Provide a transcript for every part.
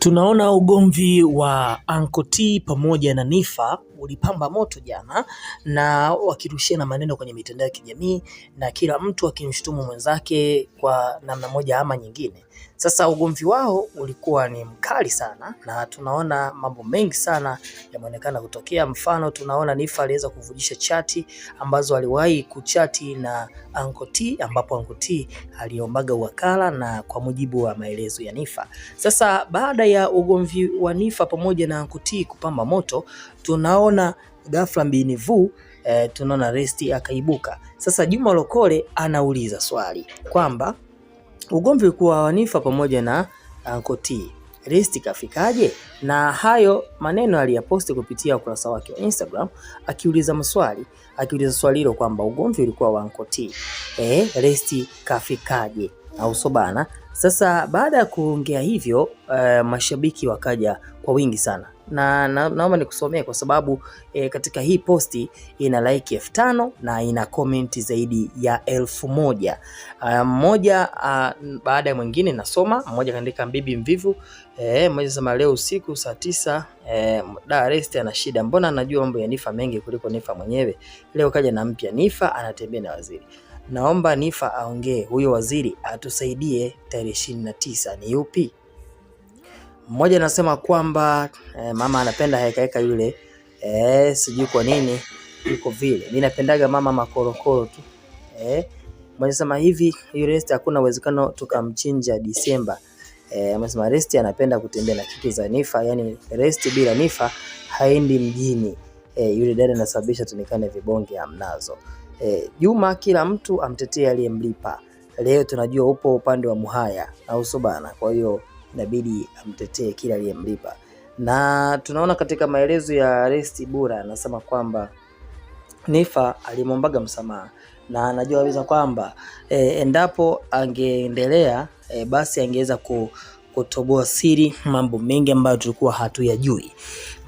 Tunaona ugomvi wa ankoti T pamoja na Nifa ulipamba moto jana, na wakirushia na maneno kwenye mitandao ya kijamii na kila mtu akimshutumu mwenzake kwa namna moja ama nyingine. Sasa ugomvi wao ulikuwa ni mkali sana, na tunaona mambo mengi sana yameonekana kutokea. Mfano, tunaona Nifa aliweza kuvujisha chati ambazo aliwahi kuchati na Anko T, ambapo Anko T aliombaga wakala na kwa mujibu wa maelezo ya Nifa. Sasa baada ya ugomvi wa Nifa pamoja na Anko T kupamba moto, tunaona ghafla mbinivu eh, tunaona Resti akaibuka. Sasa Juma Lokole anauliza swali kwamba Ugomvi ulikuwa Wanifa pamoja na ankoti uh, T. kafikaje? Na hayo maneno aliyaposti kupitia ukurasa wake wa Instagram akiuliza maswali, akiuliza swali hilo kwamba ugomvi ulikuwa wa Anko T. Eh, Listi kafikaje? Au sobana sasa baada ya kuongea hivyo uh, mashabiki wakaja kwa wingi sana na, na naomba nikusomee kwa sababu eh, katika hii posti ina like elfu tano na ina komenti zaidi ya elfu moja ah, mmoja ah, baada ya mwingine. Nasoma mmoja kaandika bibi mvivu eh, mmoja sema leo usiku saa tisa eh, Dar ana shida, mbona anajua mambo ya Nifa mengi kuliko Nifa mwenyewe. Leo kaja na mpya Nifa anatembea na waziri Naomba Nifa aongee, huyo waziri atusaidie. Tarehe ishirini na tisa ni yupi? Mmoja anasema kwamba eh, mama anapenda hekaheka yule eh, sijui kwa nini yuko vile. Mimi napendaga mama makorokoro tu eh. Mmoja anasema hivi, yule rest hakuna uwezekano tukamchinja Disemba. Eh, amesema rest anapenda kutembea na kitu za Nifa, yani rest bila Nifa haendi mjini. Eh, yule dada anasababisha tunikane vibonge amnazo. E, Juma kila mtu amtetee aliyemlipa. Leo tunajua upo upande wa Muhaya au bana kwa hiyo inabidi amtetee kila aliyemlipa, na tunaona katika maelezo ya Resti Bura anasema kwamba Nifa alimwombaga msamaha na anajua kabisa kwamba e, endapo angeendelea e, basi angeweza kutoboa siri mambo mengi ambayo tulikuwa hatuyajui.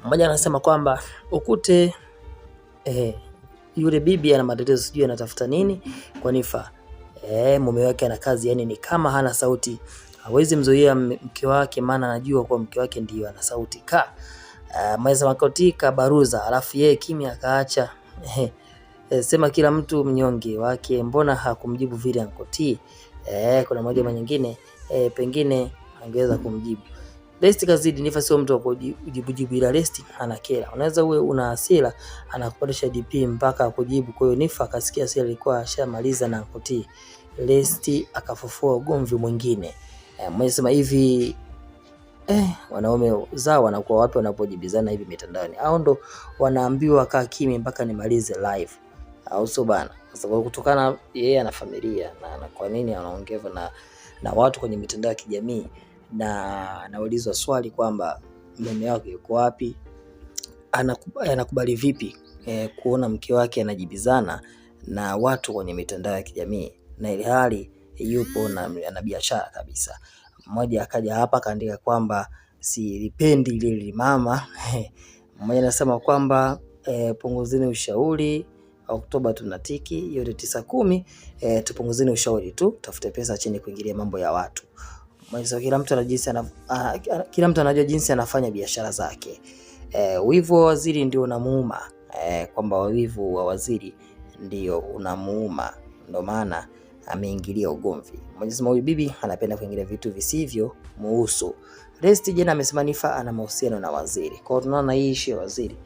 Mmoja anasema kwamba ukute eh, yule bibi ana matetezo, sijui anatafuta nini kwa Nifa. Eh, mume wake ana kazi, yani ni kama hana sauti, hawezi mzuia mke wake, maana anajua kwa mke wake ndio ana sauti ka uh, eh, maweza makautika baruza, alafu yeye kimya akaacha eh, sema kila mtu mnyonge wake, mbona hakumjibu vile ankoti? Eh, kuna moja nyingine eh, pengine angeweza kumjibu. Lesti kazidi Nifa sio mtu wa jibu, ila Lesti anakera. Unaweza uwe una hasira anakupandisha DP mpaka kujibu. Kwa hiyo Nifa akasikia hasira ilikuwa ashamaliza na kuti. Lesti akafufua ugomvi mwingine e, eh, mwesema hivi Eh, wanaume zao wanakuwa wapi wanapojibizana hivi mitandaoni? Au ndo wanaambiwa kaa kimya mpaka nimalize live, au sio bana? Sababu kutokana yeye ana familia na, na kwa nini anaongea na, na watu kwenye mitandao ya kijamii na anaulizwa swali kwamba mume wake yuko wapi, anakubali, vipi eh, kuona mke wake anajibizana na watu kwenye mitandao ya kijamii na ile hali yupo na, ana biashara kabisa. Mmoja akaja hapa akaandika kwamba silipendi lili mama. Mmoja anasema kwamba e, punguzeni ushauri Oktoba tunatiki yote tisa kumi. E, tupunguzeni ushauri tu, tafute pesa chini kuingilia mambo ya watu. Mwanzo kila mtu anajua jinsi ana, a, ah, kila mtu anajua jinsi anafanya biashara zake. E, wivu wa waziri ndio unamuuma e, kwamba wivu wa waziri ndio unamuuma, ndio maana ameingilia ugomvi. Mmoja sema bibi anapenda kuingilia vitu visivyo muhusu. Resti jana amesema Niffer ana mahusiano na waziri. Kwa hiyo tunaona hii issue ya waziri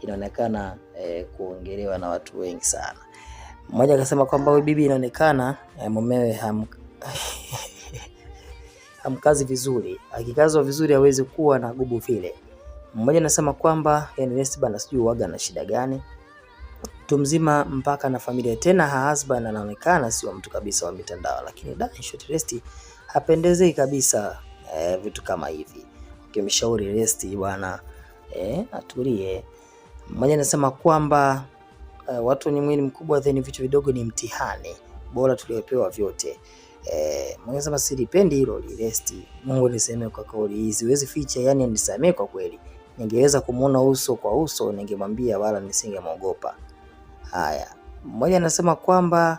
inaonekana e, kuongelewa na watu wengi sana. Mmoja akasema kwamba huyu bibi inaonekana e, mumewe ham hamkazi vizuri, akikazwa vizuri hawezi kuwa na gubu vile. Mmoja anasema kwamba yani Ernest bana sijui waga na shida gani, mtu mzima mpaka na familia tena, ha husband anaonekana sio mtu kabisa wa mitandao, lakini da short Rest hapendezei kabisa eh, vitu kama hivi. Ukimshauri okay, Rest bwana eh, atulie. Mmoja anasema kwamba eh, watu ni mwili mkubwa then vitu vidogo ni mtihani, bora tuliopewa vyote. Eh, mwenyeza Mungu sema hilo lilesti. Mungu niseme kwa kauli hii, siwezi ficha, yani nisamee kwa kweli. Ningeweza kumuona uso kwa uso, ningemwambia wala nisingemwogopa. Haya, mmoja anasema kwamba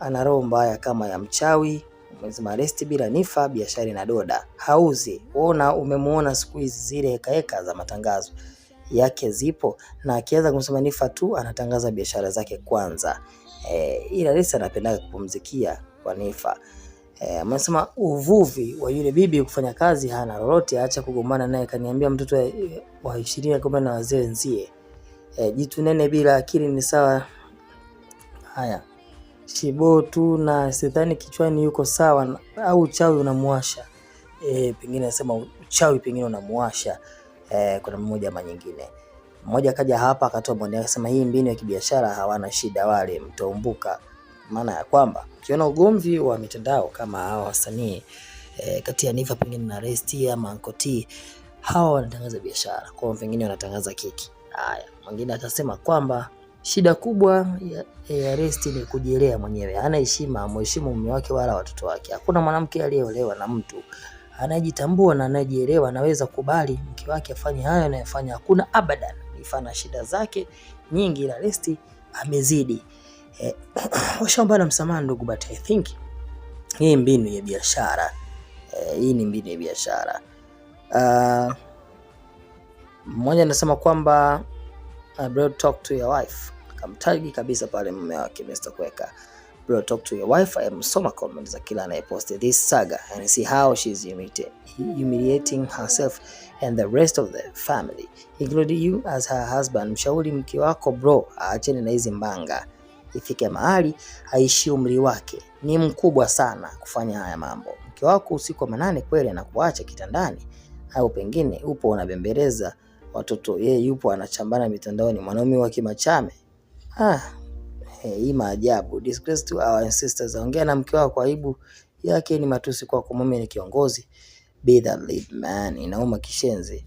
ana roho mbaya kama ya mchawi. Mwenyeza resti bila nifa biashara na doda hauzi. Ona, umemuona siku hizi zile hekaheka za matangazo yake zipo, na akianza kumsema nifa tu anatangaza biashara zake kwanza. E, ila resti anapendaga kupumzikia kwa Niffer. E, eh, amesema uvuvi wa yule bibi kufanya kazi hana lolote, acha kugombana naye, kaniambia mtoto wa 20 agombana na wazee nzie. E, jitu nene bila akili ni sawa. Haya, shibo tu na shetani kichwani yuko sawa, au uchawi unamwasha. E, pengine anasema uchawi pengine unamwasha. e, kuna mmoja ama nyingine. Mmoja kaja hapa akatoa maoni akasema, hii mbinu ya kibiashara hawana shida wale mtaumbuka maana ya kwamba ukiona ugomvi wa mitandao kama hawa wasanii e, kati ya Niva pengine na Rest ama Anko T, hawa wanatangaza biashara kwao, pengine wanatangaza keki. Haya, mwingine atasema kwamba shida kubwa ya, ya Rest ni kujielea mwenyewe, hana heshima, mheshimu mume wake wala watoto wake. Hakuna mwanamke aliyeolewa na mtu anayejitambua na anayejielewa anaweza kubali mke wake afanye hayo anayofanya, hakuna abadan. Ifana shida zake nyingi, ila Rest amezidi eh, washaombana msamaha ndugu, but I think hii mbinu ya biashara eh, hii ni mbinu ya biashara uh, mmoja anasema kwamba uh, bro talk to your wife, akamtagi kabisa pale mume wake Mr. Kweka. Bro talk to your wife, I am soma comment za kila anayepost this saga and see how she is humiliating herself and the rest of the family including you as her husband. Mshauri mke wako bro, aachene na hizi mbanga ifike mahali aishi umri wake, ni mkubwa sana kufanya haya mambo. Mke wako usiku wa manane kweli anakuacha kitandani, au pengine upo unabembeleza watoto, yeye yupo anachambana mitandaoni, mwanaume wa kimachame. Ah, hii maajabu. Disgrace to our ancestors. Ongea na mke wako, aibu yake ni matusi kwako. Mume ni kiongozi, be the lead man. Inauma kishenzi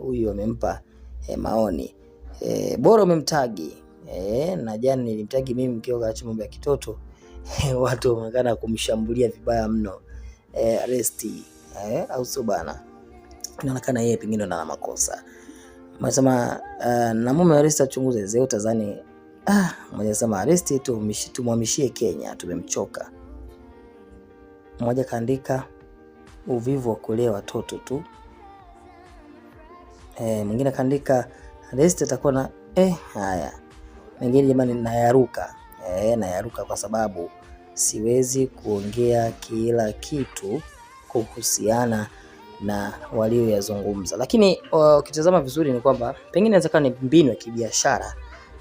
huyu. Hey, amempa hey, eh, maoni hey, eh, bora umemtagi e, na jana nilimtagi mimi mkeo kaacha mambo ya kitoto watu wamekana kumshambulia vibaya mno e, eh, resti e, eh, au sio bana? Inaonekana yeye pengine ndo ana makosa Mwasema uh, na mume wa Resti achunguze zeo tazani. Ah, mmoja sema Resti tu tumhamishie Kenya, tumemchoka. Mmoja kaandika uvivu wa kulea watoto tu. Eh, mwingine kaandika Resti atakuwa na eh, haya mengine jamani, nayaruka eh, nayaruka kwa sababu siwezi kuongea kila kitu kuhusiana na walioyazungumza, lakini ukitazama vizuri ni kwamba pengine kuwa ni mbinu ya kibiashara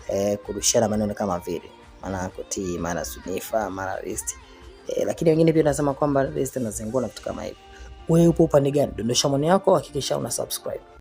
eh, kurushana maneno kama vile maana Koti, maana Sunifa, maana list e, lakini wengine pia nasema kwamba list anazengua na vitu kama hivyo. Wewe upo upande gani? Dondosha maoni yako, hakikisha una subscribe.